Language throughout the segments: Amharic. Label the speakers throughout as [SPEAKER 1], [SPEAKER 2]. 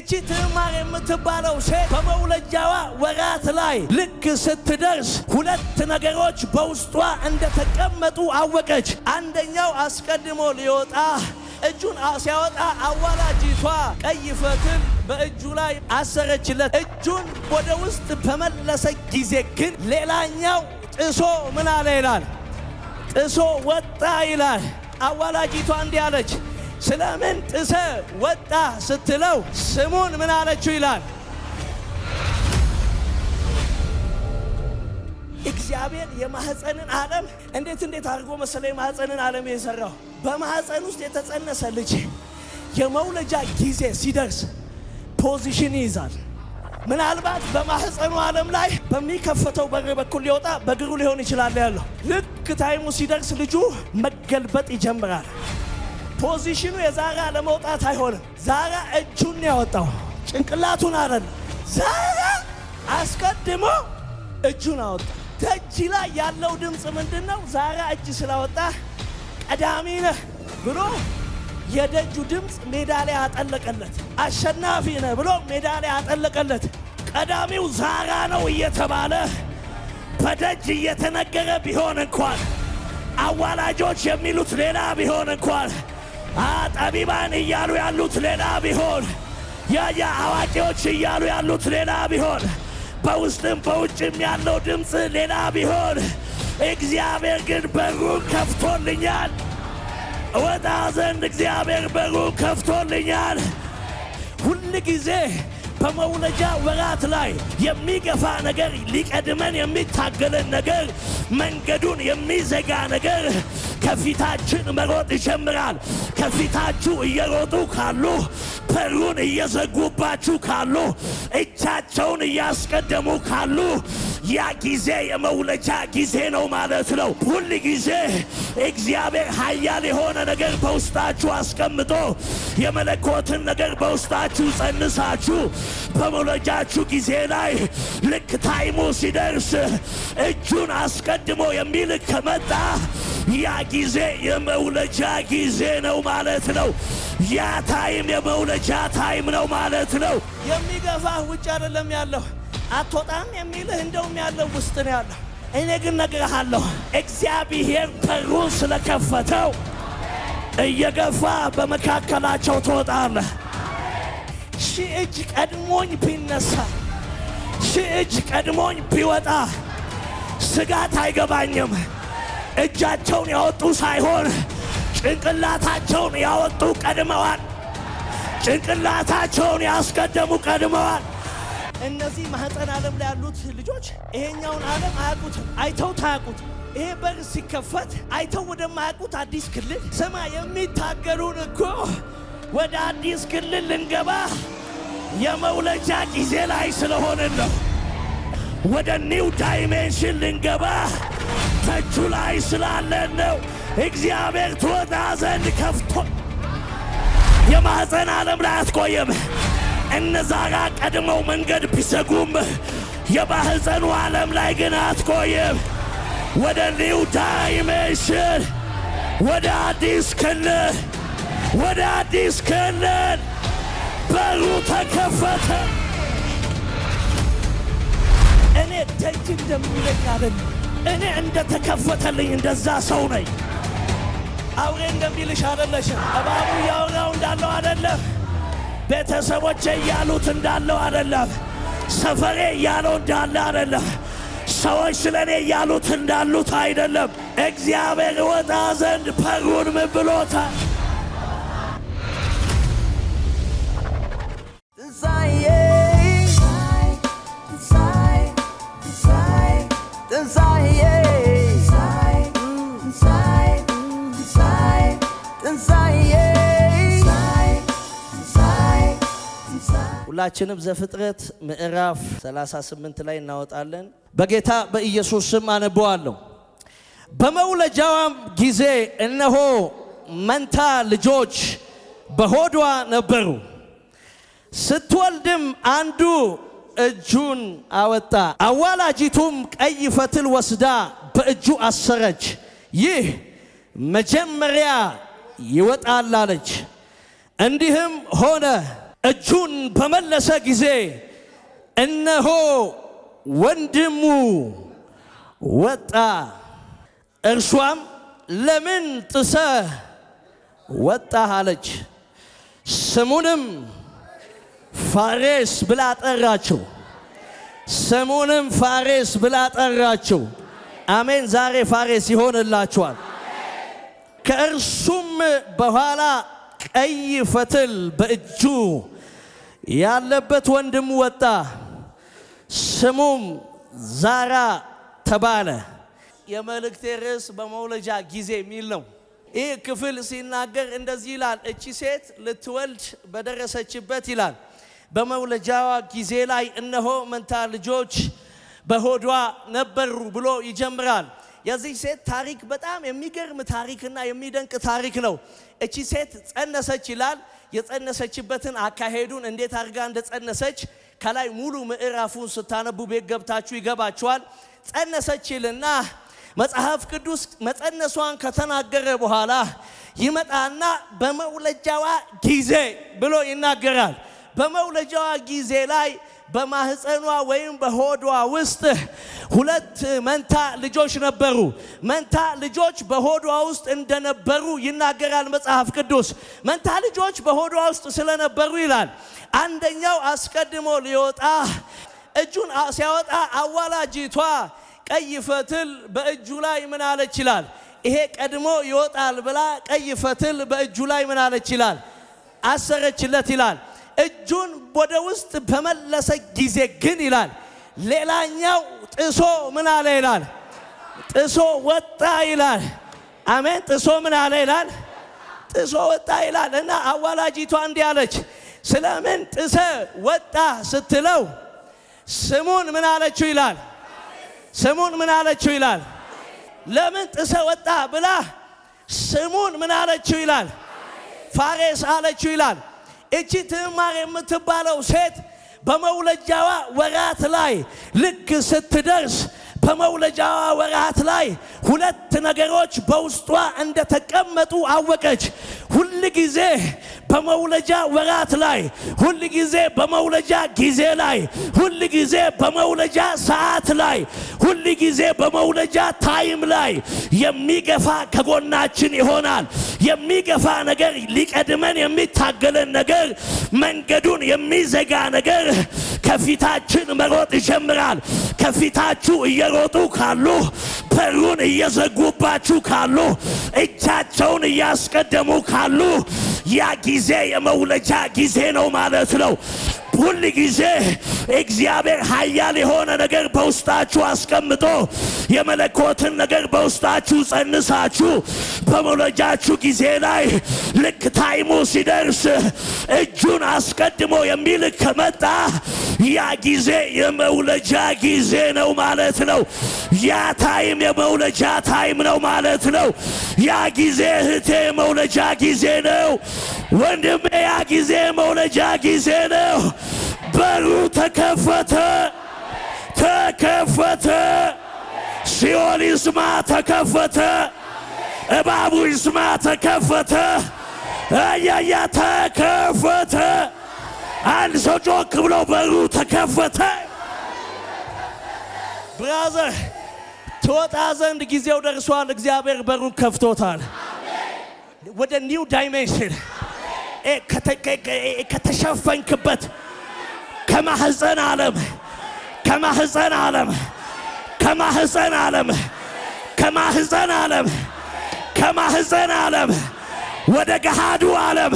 [SPEAKER 1] እቺ ትዕማር የምትባለው ሴት በመውለጃዋ ወራት ላይ ልክ ስትደርስ ሁለት ነገሮች በውስጧ እንደተቀመጡ አወቀች። አንደኛው አስቀድሞ ሊወጣ እጁን ሲያወጣ አዋላጅቷ ቀይ ፈትል በእጁ ላይ አሰረችለት። እጁን ወደ ውስጥ በመለሰ ጊዜ ግን ሌላኛው ጥሶ ምን አለ ይላል? ጥሶ ወጣ ይላል። አዋላጅቷ እንዲህ አለች ስለምን ጥሰ ወጣ ስትለው ስሙን ምን አለችው ይላል። እግዚአብሔር የማህፀንን ዓለም እንዴት እንዴት አድርጎ መሰለ የማህፀንን ዓለም የሰራው በማህፀን ውስጥ የተጸነሰ ልጅ የመውለጃ ጊዜ ሲደርስ ፖዚሽን ይይዛል። ምናልባት በማህፀኑ ዓለም ላይ በሚከፈተው በር በኩል ሊወጣ በእግሩ ሊሆን ይችላል ያለው። ልክ ታይሙ ሲደርስ ልጁ መገልበጥ ይጀምራል። ፖዚሽኑ የዛራ ለመውጣት አይሆንም። ዛራ እጁን ያወጣው ጭንቅላቱን አረለ ዛራ አስቀድሞ እጁን አወጣ። ደጅ ላይ ያለው ድምፅ ምንድን ነው? ዛራ እጅ ስላወጣ ቀዳሚ ነህ ብሎ የደጁ ድምፅ ሜዳሊያ አጠለቀለት። አሸናፊ ነህ ብሎ ሜዳሊያ አጠለቀለት። ቀዳሚው ዛራ ነው እየተባለ በደጅ እየተነገረ ቢሆን እንኳን አዋላጆች የሚሉት ሌላ ቢሆን እንኳን አጠቢባን እያሉ ያሉት ሌላ ቢሆን ያያ አዋቂዎች እያሉ ያሉት ሌላ ቢሆን በውስጥም በውጭም ያለው ድምፅ ሌላ ቢሆን እግዚአብሔር ግን በሩን ከፍቶልኛል። እወጣ ዘንድ እግዚአብሔር በሩን ከፍቶልኛል። ሁል ጊዜ በመውለጃ ወራት ላይ የሚገፋ ነገር፣ ሊቀድመን የሚታገለን ነገር፣ መንገዱን የሚዘጋ ነገር ከፊታችን መሮጥ ይጀምራል። ከፊታችሁ እየሮጡ ካሉ፣ በሩን እየዘጉባችሁ ካሉ፣ እጃቸውን እያስቀደሙ ካሉ ያ ጊዜ የመውለጃ ጊዜ ነው ማለት ነው። ሁል ጊዜ እግዚአብሔር ኃያል የሆነ ነገር በውስጣችሁ አስቀምጦ የመለኮትን ነገር በውስጣችሁ ጸንሳችሁ በመውለጃችሁ ጊዜ ላይ ልክ ታይሙ ሲደርስ እጁን አስቀድሞ የሚልክ ከመጣ ያ ጊዜ የመውለጃ ጊዜ ነው ማለት ነው። ያ ታይም የመውለጃ ታይም ነው ማለት ነው። የሚገፋህ ውጭ አይደለም ያለው፣ አትወጣም የሚልህ እንደውም ያለው ውስጥ ነው ያለው። እኔ ግን ነግረሃለሁ፣ እግዚአብሔር በሩን ስለከፈተው እየገፋ በመካከላቸው ትወጣለህ። ሺ እጅ ቀድሞኝ ቢነሳ ሺ እጅ ቀድሞኝ ቢወጣ ስጋት አይገባኝም። እጃቸውን ያወጡ ሳይሆን ጭንቅላታቸውን ያወጡ ቀድመዋል። ጭንቅላታቸውን ያስቀደሙ ቀድመዋል። እነዚህ ማህፀን ዓለም ላይ ያሉት ልጆች ይሄኛውን ዓለም አያውቁትም፣ አይተውት አያውቁት። ይሄ በር ሲከፈት አይተው ወደማያውቁት አዲስ ክልል ስማ፣ የሚታገሉን እኮ ወደ አዲስ ክልል ልንገባ የመውለጃ ጊዜ ላይ ስለሆንን ነው። ወደ ኒው ዳይሜንሽን ልንገባ በታቹ ላይ ስላለን ነው። እግዚአብሔር ትወጣ ዘንድ ከፍቶ የማኅፀን ዓለም ላይ አትቆየም። እነዛ ጋር ቀድመው መንገድ ቢሰጉም የማኅፀኑ ዓለም ላይ ግን አትቆየም። ወደ ኒው ዳይሜንሽን፣ ወደ አዲስ ክልል፣ ወደ አዲስ ክልል በሩ ተከፈተ። እኔ ደጅ እንደሚለኝ አይደለም እኔ እንደተከፈተልኝ እንደዛ ሰው ነኝ። አውሬ እንደሚልሽ አደለሽም። እባቡ እያወራው እንዳለው አደለም። ቤተሰቦቼ እያሉት እንዳለው አደለም። ሰፈሬ እያለው እንዳለ አደለም። ሰዎች ስለ እኔ እያሉት እንዳሉት አይደለም። እግዚአብሔር ወጣ ዘንድ ፐሩን ምብሎታል ሁላችንም ዘፍጥረት ምዕራፍ 38 ላይ እናወጣለን። በጌታ በኢየሱስ ስም አነበዋለሁ። በመውለጃዋም ጊዜ እነሆ መንታ ልጆች በሆዷ ነበሩ። ስትወልድም አንዱ እጁን አወጣ፣ አዋላጂቱም ቀይ ፈትል ወስዳ በእጁ አሰረች፣ ይህ መጀመሪያ ይወጣል አለች። እንዲህም ሆነ እጁን በመለሰ ጊዜ እነሆ ወንድሙ ወጣ። እርሷም ለምን ጥሰህ ወጣህ አለች። ስሙንም ፋሬስ ብላ ጠራችው። ስሙንም ፋሬስ ብላ ጠራችው። አሜን። ዛሬ ፋሬስ ይሆንላችኋል። ከእርሱም በኋላ ቀይ ፈትል በእጁ ያለበት ወንድም ወጣ፣ ስሙም ዛራ ተባለ። የመልእክቴ ርዕስ በመውለጃ ጊዜ የሚል ነው። ይህ ክፍል ሲናገር እንደዚህ ይላል፣ እቺ ሴት ልትወልድ በደረሰችበት ይላል በመውለጃዋ ጊዜ ላይ እነሆ መንታ ልጆች በሆዷ ነበሩ ብሎ ይጀምራል። የዚህ ሴት ታሪክ በጣም የሚገርም ታሪክና የሚደንቅ ታሪክ ነው። እቺ ሴት ጸነሰች ይላል። የጸነሰችበትን አካሄዱን እንዴት አድርጋ እንደጸነሰች ከላይ ሙሉ ምዕራፉን ስታነቡ ቤት ገብታችሁ ይገባችኋል። ጸነሰችልና መጽሐፍ ቅዱስ መጸነሷን ከተናገረ በኋላ ይመጣና በመውለጃዋ ጊዜ ብሎ ይናገራል። በመውለጃዋ ጊዜ ላይ በማህፀኗ ወይም በሆዷ ውስጥ ሁለት መንታ ልጆች ነበሩ። መንታ ልጆች በሆዷ ውስጥ እንደነበሩ ይናገራል መጽሐፍ ቅዱስ። መንታ ልጆች በሆዷ ውስጥ ስለነበሩ ይላል አንደኛው አስቀድሞ ሊወጣ እጁን ሲያወጣ አዋላጅቷ ቀይ ፈትል በእጁ ላይ ምን አለች ይላል። ይሄ ቀድሞ ይወጣል ብላ ቀይ ፈትል በእጁ ላይ ምን አለች ይላል፣ አሰረችለት ይላል። እጁን ወደ ውስጥ በመለሰ ጊዜ ግን ይላል ሌላኛው ጥሶ ምን አለ ይላል ጥሶ ወጣ ይላል። አሜን። ጥሶ ምን አለ ይላል ጥሶ ወጣ ይላል። እና አዋላጂቷ እንዲህ አለች፣ ስለምን ጥሰ ወጣ ስትለው ስሙን ምን አለችው ይላል ስሙን ምን አለችው ይላል ለምን ጥሰ ወጣ ብላ ስሙን ምን አለችው ይላል ፋሬስ አለችው ይላል እቺ ትዕማር የምትባለው ሴት በመውለጃዋ ወራት ላይ ልክ ስትደርስ በመውለጃዋ ወራት ላይ ሁለት ነገሮች በውስጧ እንደተቀመጡ አወቀች። ሁል ጊዜ በመውለጃ ወራት ላይ ሁል ጊዜ በመውለጃ ጊዜ ላይ ሁል ጊዜ በመውለጃ ሰዓት ላይ ሁል ጊዜ በመውለጃ ታይም ላይ የሚገፋ ከጎናችን ይሆናል። የሚገፋ ነገር፣ ሊቀድመን የሚታገለን ነገር፣ መንገዱን የሚዘጋ ነገር ከፊታችን መሮጥ ይጀምራል። ከፊታችሁ እየሮጡ ካሉ በሩን እየዘጉባችሁ ካሉ እጃቸውን እያስቀደሙ ካሉ ያ ጊዜ የመውለጃ ጊዜ ነው ማለት ነው። ሁል ጊዜ እግዚአብሔር ኃያል የሆነ ነገር በውስጣችሁ አስቀምጦ የመለኮትን ነገር በውስጣችሁ ጸንሳችሁ በመውለጃችሁ ጊዜ ላይ ልክ ታይሙ ሲደርስ እጁን አስቀድሞ የሚል ከመጣ ያ ጊዜ የመውለጃ ጊዜ ነው ማለት ነው። ያ ታይም የመውለጃ ታይም ነው ማለት ነው። ያ ጊዜ እህቴ የመውለጃ ጊዜ ነው። ወንድሜ ያ ጊዜ የመውለጃ ጊዜ ነው። በሩ ተከፈተ፣ ተከፈተ። ሲኦል ይስማ፣ ተከፈተ። እባቡ ይስማ፣ ተከፈተ። አያያ ተከፈተ። አንድ ሰው ጮክ ብሎ በሩ ተከፈተ። ብራዘር ትወጣ ዘንድ ጊዜው ደርሷል። እግዚአብሔር በሩን ከፍቶታል። ወደ ኒው ዳይሜንሽን ከተሸፈንክበት ከማህፀን ዓለም ከማህፀን ዓለም ከማህፀን ዓለም ከማህፀን ዓለም ከማህፀን ዓለም ወደ ገሃዱ ዓለም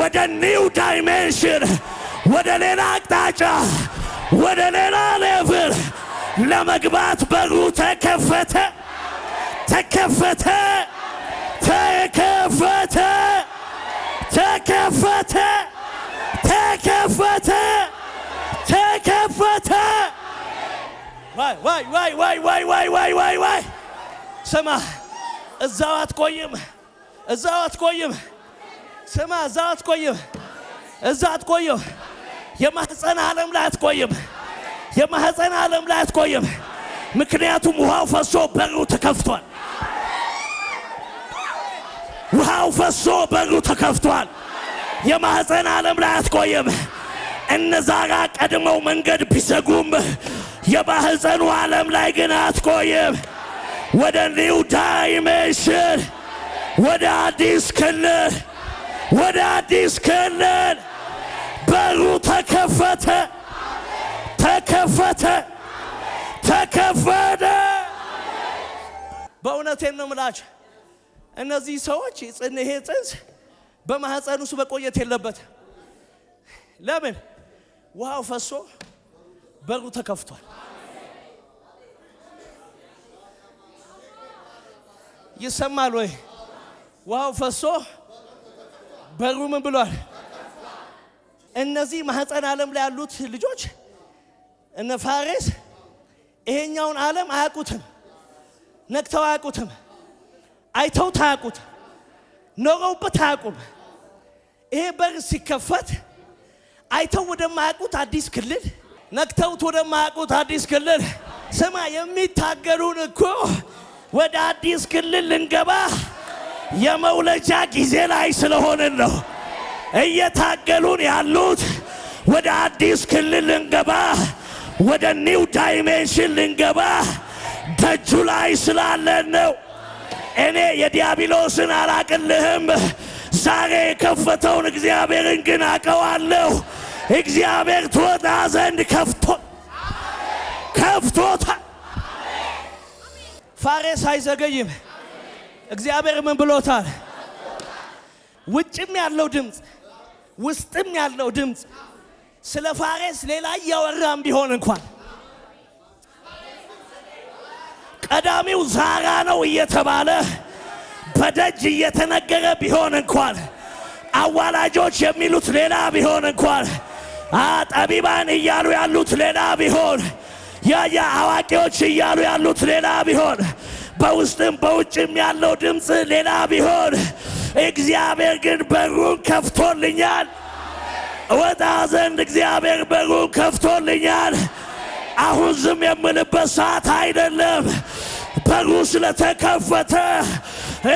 [SPEAKER 1] ወደ ኒው ዳይሜንሽን ወደ ሌላ አቅጣጫ ወደ ሌላ ሌቭል ለመግባት በሩ ተከፈተ ተከፈተ ተከፈተ ተከፈተ ተከፈተ ዋይ ዋይ ዋይ ዋይ ዋይ ዋይ ዋይ ዋይ ዋይ ስማ፣ እዛው አትቆይም፣ እዛው አትቆይም። ስማ፣ እዛው አትቆይም፣ እዛው አትቆይም። የማህፀን ዓለም ላይ አትቆይም፣ የማህፀን ዓለም ላይ አትቆይም። ምክንያቱም ውሃው ፈሶ በሩ ተከፍቷል። ውሃው ፈሶ በሩ ተከፍቷል። የማህፀን ዓለም ላይ አትቆይም። እነዛራ ቀድመው መንገድ ቢዘጉም የባህፀኑ ዓለም ላይ ግን አትቆይም። ወደ ኒው ዳይሜንሽን፣ ወደ አዲስ ክልል፣ ወደ አዲስ ክልል በሩ ተከፈተ፣ ተከፈተ፣ ተከፈተ። በእውነቴን ነው ምላች እነዚህ ሰዎች ይሄ ጽንስ በማህፀን ውስጥ መቆየት የለበትም። ለምን ውሃው ፈሶ በሩ ተከፍቷል። ይሰማል ወይ? ውሃው ፈሶ በሩ ምን ብሏል? እነዚህ ማህፀን ዓለም ላይ ያሉት ልጆች እነ ፋሬስ ይሄኛውን ዓለም አያውቁትም፣ ነክተው አያውቁትም፣ አይተው አያውቁትም፣ ኖረውበት አያውቁም። ይሄ በር ሲከፈት አይተው ወደማያውቁት አዲስ ክልል ነክተውት ወደማያውቁት አዲስ ክልል ስማ፣ የሚታገሉን እኮ ወደ አዲስ ክልል ልንገባ የመውለጃ ጊዜ ላይ ስለሆንን ነው። እየታገሉን ያሉት ወደ አዲስ ክልል ልንገባ ወደ ኒው ዳይሜንሽን ልንገባ ደጁ ላይ ስላለን ነው። እኔ የዲያብሎስን አላቅልህም። ዛሬ የከፈተውን እግዚአብሔርን ግን አቀዋለሁ። እግዚአብሔር ትወጣ ዘንድ ከፍቶ ከፍቶታ ፋሬስ አይዘገይም። እግዚአብሔር ምን ብሎታል? ውጭም ያለው ድምፅ ውስጥም ያለው ድምፅ ስለ ፋሬስ ሌላ እያወራም ቢሆን እንኳን ቀዳሚው ዛራ ነው እየተባለ በደጅ እየተነገረ ቢሆን እንኳን አዋላጆች የሚሉት ሌላ ቢሆን እንኳን ጠቢባን እያሉ ያሉት ሌላ ቢሆን ያያ አዋቂዎች እያሉ ያሉት ሌላ ቢሆን በውስጥም በውጭም ያለው ድምፅ ሌላ ቢሆን እግዚአብሔር ግን በሩን ከፍቶልኛል። ወጣ ዘንድ እግዚአብሔር በሩን ከፍቶልኛል። አሁን ዝም የምልበት ሰዓት አይደለም። በሩ ስለተከፈተ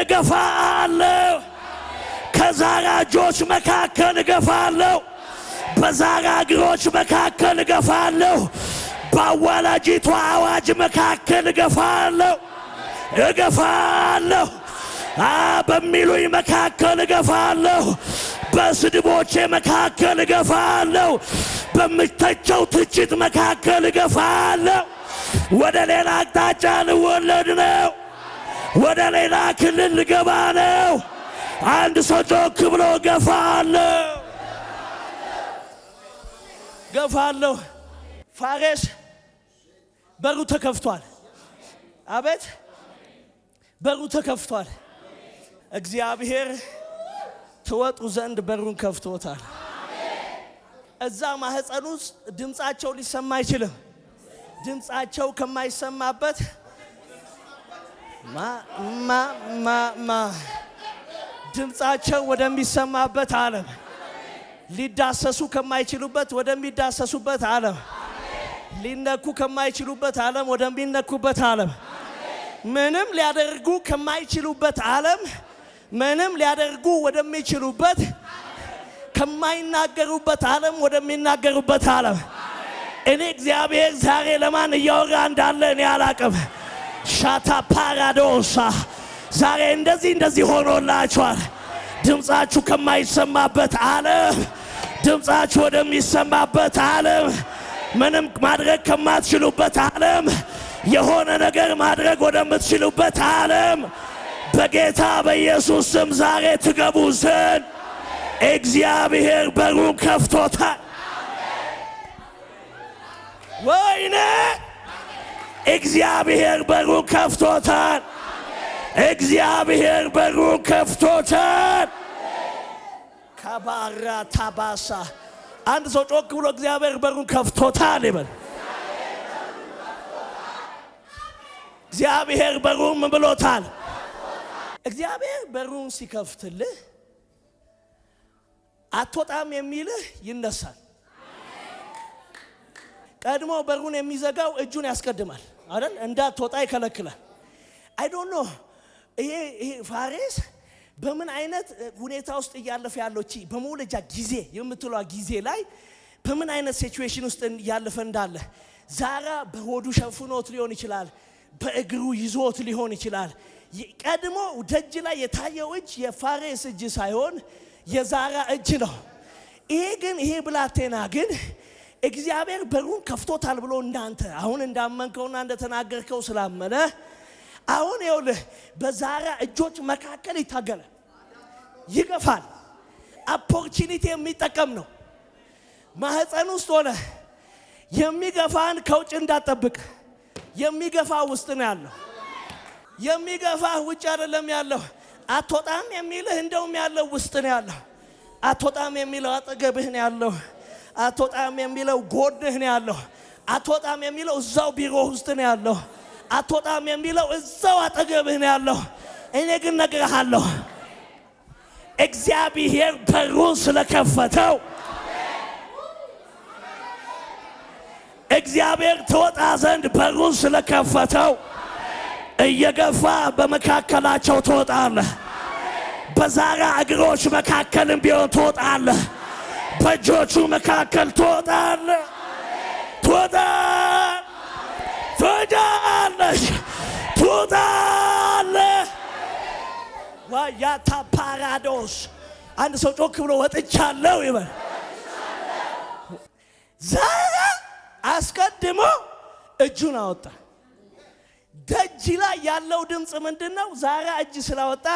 [SPEAKER 1] እገፋ አለው። ከዛራጆች መካከል እገፋ አለው። በዛራ እግሮች መካከል እገፋለሁ። በአዋላጅቷ አዋጅ መካከል እገፋለሁ እገፋለሁ በሚሉኝ መካከል እገፋለሁ። በስድቦቼ መካከል እገፋለሁ። በምተቸው ትችት መካከል እገፋለሁ። ወደ ሌላ አቅጣጫ ልወለድ ነው። ወደ ሌላ ክልል ልገባ ነው። አንድ ሰው ጮክ ብሎ እገፋለሁ። ገፋለሁ። ፋሬስ በሩ ተከፍቷል። አቤት በሩ ተከፍቷል። እግዚአብሔር ትወጡ ዘንድ በሩን ከፍቶታል። እዛ ማህፀን ውስጥ ድምፃቸው ሊሰማ አይችልም። ድምፃቸው ከማይሰማበት ማማማ ድምፃቸው ወደሚሰማበት ዓለም ሊዳሰሱ ከማይችሉበት ወደሚዳሰሱበት ዓለም፣ ሊነኩ ከማይችሉበት ዓለም ወደሚነኩበት ዓለም፣ ምንም ሊያደርጉ ከማይችሉበት ዓለም፣ ምንም ሊያደርጉ ወደሚችሉበት፣ ከማይናገሩበት ዓለም ወደሚናገሩበት ዓለም። እኔ እግዚአብሔር ዛሬ ለማን እያወራ እንዳለ እኔ አላቅም። ሻታ ፓራዶሳ ዛሬ እንደዚህ እንደዚህ ሆኖላችኋል። ድምፃችሁ ከማይሰማበት ዓለም ድምፃችሁ ወደሚሰማበት ዓለም ምንም ማድረግ ከማትችሉበት ዓለም የሆነ ነገር ማድረግ ወደምትችሉበት ዓለም በጌታ በኢየሱስ ስም ዛሬ ትገቡ ዘንድ እግዚአብሔር በሩን ከፍቶታል። ወይኔ እግዚአብሔር በሩን ከፍቶታል። እግዚአብሔር በሩ ከፍቶታል። ከባራ ታባሳ አንድ ሰው ጮክ ብሎ እግዚአብሔር በሩን ከፍቶታል ይበል። እግዚአብሔር በሩን ምን ብሎታል? እግዚአብሔር በሩን ሲከፍትልህ አትወጣም የሚልህ ይነሳል። ቀድሞ በሩን የሚዘጋው እጁን ያስቀድማል አይደል? እንዳትወጣ ይከለክላል። አይ ዶንት ኖ ይሄ ፋሬስ በምን አይነት ሁኔታ ውስጥ እያለፈ ያለው በመውለጃ ጊዜ የምትለዋ ጊዜ ላይ በምን አይነት ሲቹዌሽን ውስጥ እያለፈ እንዳለ ዛራ በሆዱ ሸፍኖት ሊሆን ይችላል፣ በእግሩ ይዞት ሊሆን ይችላል። ቀድሞ ደጅ ላይ የታየው እጅ የፋሬስ እጅ ሳይሆን የዛራ እጅ ነው። ይሄ ግን ይሄ ብላቴና ግን እግዚአብሔር በሩን ከፍቶታል ብሎ እንዳንተ አሁን እንዳመንከውና እንደተናገርከው ስላመነ አሁን ይኸውልህ በዛራ እጆች መካከል ይታገላል፣ ይገፋል። ኦፖርቹኒቲ የሚጠቀም ነው። ማህፀን ውስጥ ሆነ የሚገፋን ከውጭ እንዳጠብቅ የሚገፋ ውስጥ ነው ያለው። የሚገፋ ውጭ አይደለም ያለው። አትወጣም የሚልህ እንደውም ያለው ውስጥ ነው ያለው። አትወጣም የሚለው አጠገብህ ነው ያለው። አትወጣም የሚለው ጎድህ ነው ያለው። አትወጣም የሚለው እዛው ቢሮ ውስጥ ነው ያለው። አትወጣም የሚለው እዛው አጠገብህ ነው ያለው። እኔ ግን ነግርሃለሁ እግዚአብሔር በሩን ስለከፈተው እግዚአብሔር ትወጣ ዘንድ በሩን ስለከፈተው እየገፋ በመካከላቸው ትወጣለህ። በዛራ እግሮች መካከልም ቢሆን ትወጣለህ። በእጆቹ መካከል ትወጣለህ። ትወጣ ትወጣ ዋያታ ፓራዶስ አንድ ሰው ጮክ ብሎ ወጥቻለሁ ይበል። ዛራ አስቀድሞ እጁን አወጣ። ደጅ ላይ ያለው ድምፅ ምንድን ነው? ዛራ እጅ ስላወጣ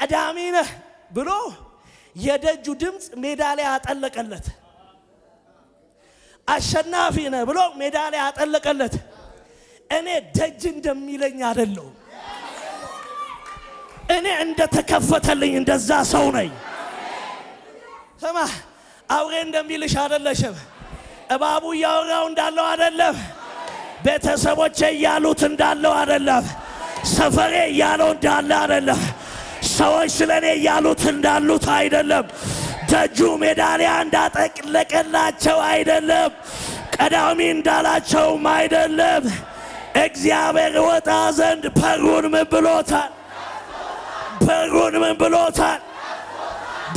[SPEAKER 1] ቀዳሚ ነህ ብሎ የደጁ ድምፅ ሜዳሊያ አጠለቀለት። አሸናፊ ነህ ብሎ ሜዳሊያ አጠለቀለት። እኔ ደጅ እንደሚለኝ አይደለሁም እኔ እንደተከፈተልኝ እንደዛ ሰው ነኝ። ስማ አውሬ እንደሚልሽ አደለሽም። እባቡ እያወራው እንዳለው አደለም። ቤተሰቦቼ እያሉት እንዳለው አደለም። ሰፈሬ እያለው እንዳለ አደለም። ሰዎች ስለ እኔ እያሉት እንዳሉት አይደለም። ደጁ ሜዳሊያ እንዳጠለቀላቸው አይደለም። ቀዳሚ እንዳላቸውም አይደለም። እግዚአብሔር ወጣ ዘንድ በሩን ምብሎታል። በጉን ምን ብሎታል?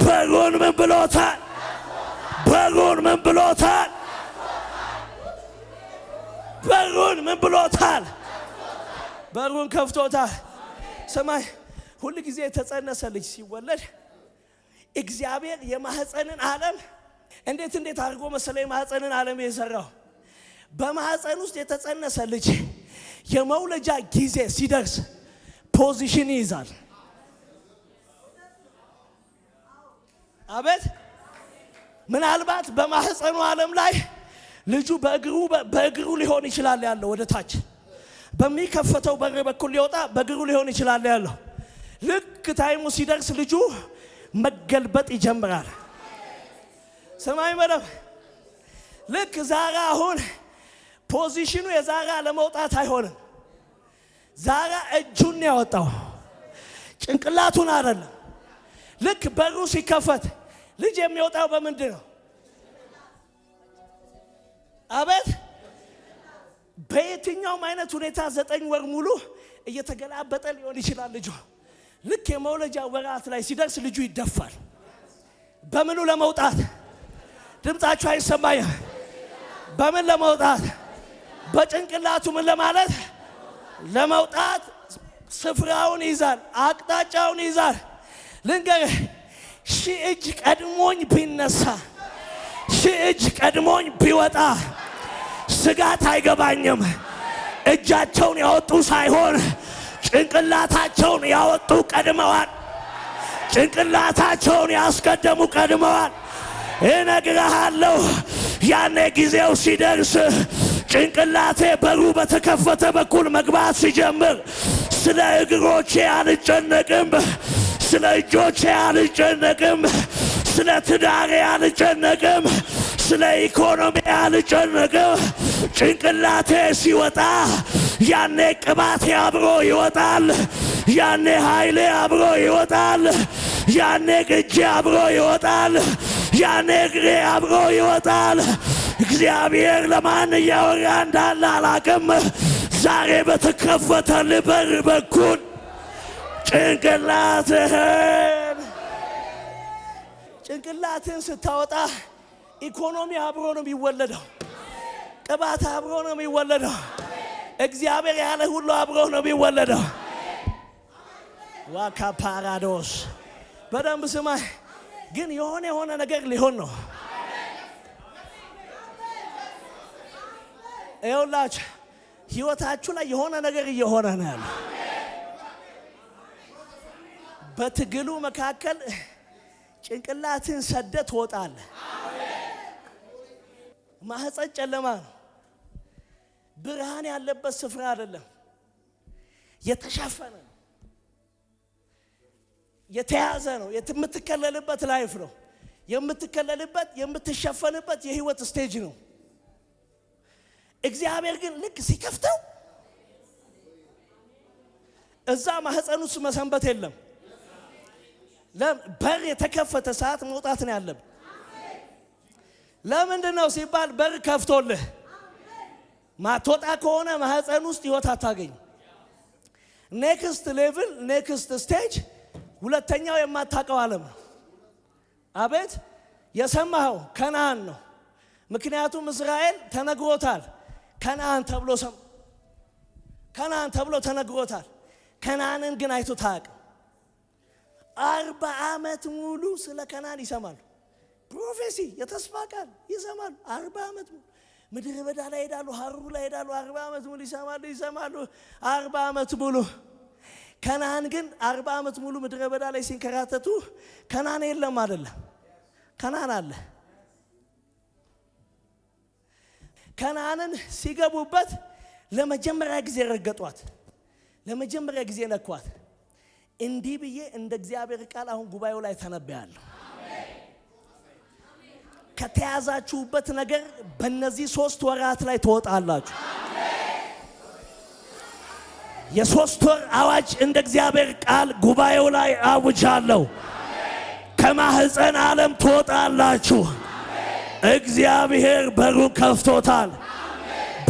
[SPEAKER 1] በጉን ምን ብሎታል? በጉን ምን ብሎታል? በሩን ምን ብሎታል? በሩን ከፍቶታል። ሰማይ ሁል ጊዜ የተጸነሰ ልጅ ሲወለድ እግዚአብሔር የማህፀንን ዓለም እንዴት እንዴት አድርጎ መሰለ የማህፀንን ዓለም የሰራው። በማህፀን ውስጥ የተጸነሰ ልጅ የመውለጃ ጊዜ ሲደርስ ፖዚሽን ይይዛል። አቤት ምናልባት በማህፀኑ ዓለም ላይ ልጁ በእግሩ በእግሩ ሊሆን ይችላል ያለው ወደ ታች በሚከፈተው በር በኩል ሊወጣ በእግሩ ሊሆን ይችላል ያለው። ልክ ታይሙ ሲደርስ ልጁ መገልበጥ ይጀምራል። ሰማይ መደብ ልክ ዛራ አሁን ፖዚሽኑ የዛራ ለመውጣት አይሆንም። ዛራ እጁን ያወጣው ጭንቅላቱን አይደለም። ልክ በሩ ሲከፈት ልጅ የሚወጣው በምንድን ነው? አቤት በየትኛውም አይነት ሁኔታ ዘጠኝ ወር ሙሉ እየተገላበጠ ሊሆን ይችላል። ልጇ ልክ የመውለጃ ወራት ላይ ሲደርስ ልጁ ይደፋል። በምኑ ለመውጣት ድምፃችሁ አይሰማኝም? በምን ለመውጣት በጭንቅላቱ ምን ለማለት ለመውጣት ስፍራውን ይይዛል፣ አቅጣጫውን ይይዛል። ልንገርህ ሺህ እጅ ቀድሞኝ ቢነሳ ሺህ እጅ ቀድሞኝ ቢወጣ ስጋት አይገባኝም። እጃቸውን ያወጡ ሳይሆን ጭንቅላታቸውን ያወጡ ቀድመዋል። ጭንቅላታቸውን ያስቀደሙ ቀድመዋል። እነግርሃለሁ ያኔ ጊዜው ሲደርስ ጭንቅላቴ በሩ በተከፈተ በኩል መግባት ሲጀምር ስለ እግሮቼ አልጨነቅም። ስለ እጆቼ አልጨነቅም፣ ስለ ትዳሬ አልጨነቅም፣ ስለ ኢኮኖሚ አልጨነቅም። ጭንቅላቴ ሲወጣ ያኔ ቅባቴ አብሮ ይወጣል። ያኔ ኃይሌ አብሮ ይወጣል። ያኔ እጄ አብሮ ይወጣል። ያኔ እግሬ አብሮ ይወጣል። እግዚአብሔር ለማን እያወራ እንዳለ አላቅም። ዛሬ በተከፈተ ልበር በኩል ጭንቅላትህን ጭንቅላትህን ስታወጣ ኢኮኖሚ አብሮ ነው የሚወለደው። ቅባት አብሮ ነው የሚወለደው። እግዚአብሔር ያለ ሁሉ አብሮ ነው የሚወለደው። ዋካ ፓራዶስ በደንብ ስማ ግን የሆነ የሆነ ነገር ሊሆን ነው። ይኸውላችሁ ህይወታችሁ ላይ የሆነ ነገር እየሆነ ነው ያለው። በትግሉ መካከል ጭንቅላትን ሰደ ትወጣለህ። ማህፀን ጨለማ ነው። ብርሃን ያለበት ስፍራ አይደለም። የተሻፈነ ነው። የተያዘ ነው። የምትከለልበት ላይፍ ነው። የምትከለልበት የምትሸፈንበት የህይወት ስቴጅ ነው። እግዚአብሔር ግን ልክ ሲከፍተው እዛ ማህፀን ውስጥ መሰንበት የለም። በር የተከፈተ ሰዓት መውጣት ነው ያለብን። ለምንድን ነው ሲባል በር ከፍቶልህ ማትወጣ ከሆነ ማህፀን ውስጥ ህይወት አታገኝ። ኔክስት ሌቭል ኔክስት ስቴጅ ሁለተኛው የማታውቀው ዓለም ነው። አቤት የሰማኸው ከነአን ነው። ምክንያቱም እስራኤል ተነግሮታል ከነአን ተብሎ ከነአን ተብሎ ተነግሮታል። ከነአንን ግን አይቶ ታቅ አርባ ዓመት ሙሉ ስለ ከናን ይሰማሉ። ፕሮፌሲ የተስፋ ቃል ይሰማሉ። አርባ ዓመት ሙሉ ምድረ በዳ ላይ ሄዳሉ፣ ሀሩ ላይ ሄዳሉ። አርባ ዓመት ሙሉ ይሰማሉ ይሰማሉ፣ አርባ ዓመት ሙሉ ከናን ግን አርባ ዓመት ሙሉ ምድረ በዳ ላይ ሲንከራተቱ ከናን የለም አይደለም፣ ከናን አለ። ከናንን ሲገቡበት ለመጀመሪያ ጊዜ ረገጧት፣ ለመጀመሪያ ጊዜ ነኳት። እንዲህ ብዬ እንደ እግዚአብሔር ቃል አሁን ጉባኤው ላይ ተነብያለሁ። ከተያዛችሁበት ነገር በእነዚህ ሶስት ወራት ላይ ትወጣላችሁ። የሶስት ወር አዋጅ እንደ እግዚአብሔር ቃል ጉባኤው ላይ አውጃለሁ። ከማህፀን ዓለም ትወጣላችሁ። እግዚአብሔር በሩ ከፍቶታል።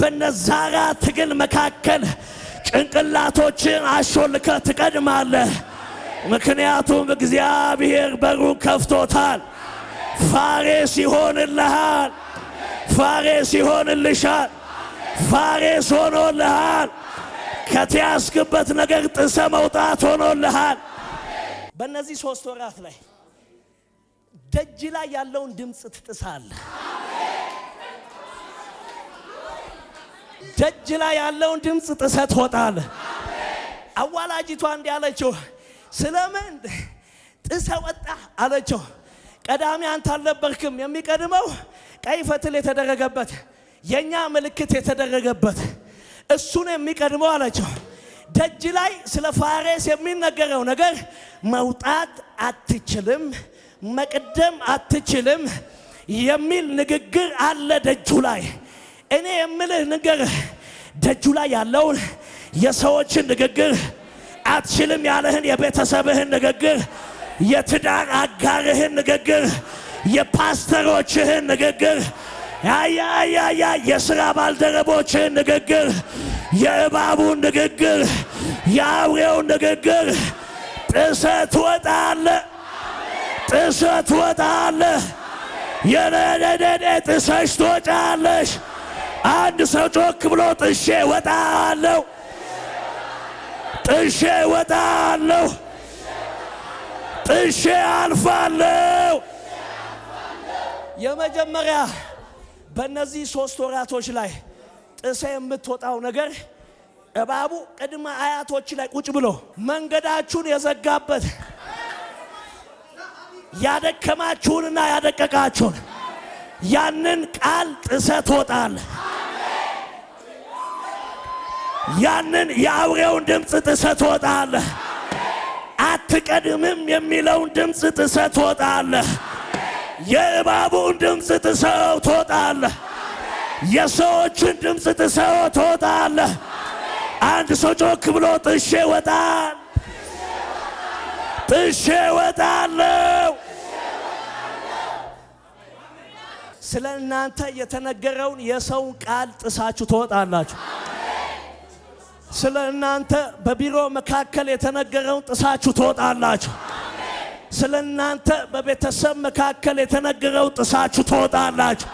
[SPEAKER 1] በነዛራ ትግል መካከል ጭንቅላቶችን አሾልከ ትቀድማለህ። ምክንያቱም እግዚአብሔር በሩ ከፍቶታል። ፋሬስ ይሆንልሃል። ፋሬስ ይሆንልሻል። ፋሬስ ሆኖልሃል። ከተያዝክበት ነገር ጥሰ መውጣት ሆኖልሃል። በእነዚህ ሶስት ወራት ላይ ደጅ ላይ ያለውን ድምፅ ትጥሳለህ። ደጅ ላይ ያለውን ድምፅ ጥሰት ወጣል አዋላጅቷ እንዲህ አለችው፣ ስለምን ጥሰ ወጣ አለችው። ቀዳሚ አንተ አልነበርክም። የሚቀድመው ቀይ ፈትል የተደረገበት የእኛ ምልክት የተደረገበት እሱን የሚቀድመው አለችው። ደጅ ላይ ስለ ፋሬስ የሚነገረው ነገር መውጣት አትችልም፣ መቅደም አትችልም የሚል ንግግር አለ ደጁ ላይ እኔ የምልህ ንገር፣ ደጁ ላይ ያለውን የሰዎችን ንግግር አትችልም ያለህን የቤተሰብህን ንግግር፣ የትዳር አጋርህን ንግግር፣ የፓስተሮችህን ንግግር፣ ያያያያ የሥራ ባልደረቦችህን ንግግር፣ የእባቡን ንግግር፣ የአውሬውን ንግግር ጥሰት ወጣለ ጥሰት ወጣለ የለደደደ ጥሰሽ ትወጫለሽ። አንድ ሰው ጮክ ብሎ ጥሼ እወጣለሁ፣ ጥሼ እወጣለሁ፣ ጥሼ አልፋለሁ። የመጀመሪያ በእነዚህ ሶስት ወራቶች ላይ ጥሴ የምትወጣው ነገር እባቡ ቅድመ አያቶች ላይ ቁጭ ብሎ መንገዳችሁን የዘጋበት ያደከማችሁንና ያደቀቃችሁን ያንን ቃል ጥሰት ወጣል። ያንን የአውሬውን ድምፅ ጥሰት ወጣል። አትቀድምም የሚለውን ድምፅ ጥሰት ወጣል። የእባቡን ድምፅ ጥሰት ወጣል። የሰዎችን ድምፅ ጥሰት ወጣል። አንድ ሰው ጮክ ብሎ ጥሼ ወጣል፣ ጥሼ ወጣል ስለ እናንተ የተነገረውን የሰው ቃል ጥሳችሁ ትወጣላችሁ። ስለ እናንተ በቢሮ መካከል የተነገረውን ጥሳችሁ ትወጣላችሁ። ስለ እናንተ በቤተሰብ መካከል የተነገረው ጥሳችሁ ትወጣላችሁ።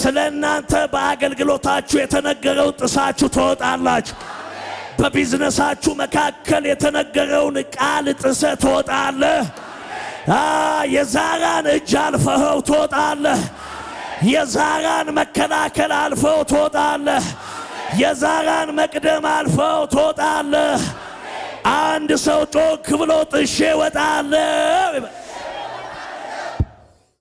[SPEAKER 1] ስለ እናንተ በአገልግሎታችሁ የተነገረው ጥሳችሁ ትወጣላችሁ። በቢዝነሳችሁ መካከል የተነገረውን ቃል ጥሰህ ትወጣለህ። የዛራን እጅ አልፈኸው ትወጣለህ። የዛራን መከላከል አልፈው ትወጣለህ። የዛራን መቅደም አልፈው ትወጣለህ። አንድ ሰው ጮክ ብሎ ጥሼ እወጣለሁ።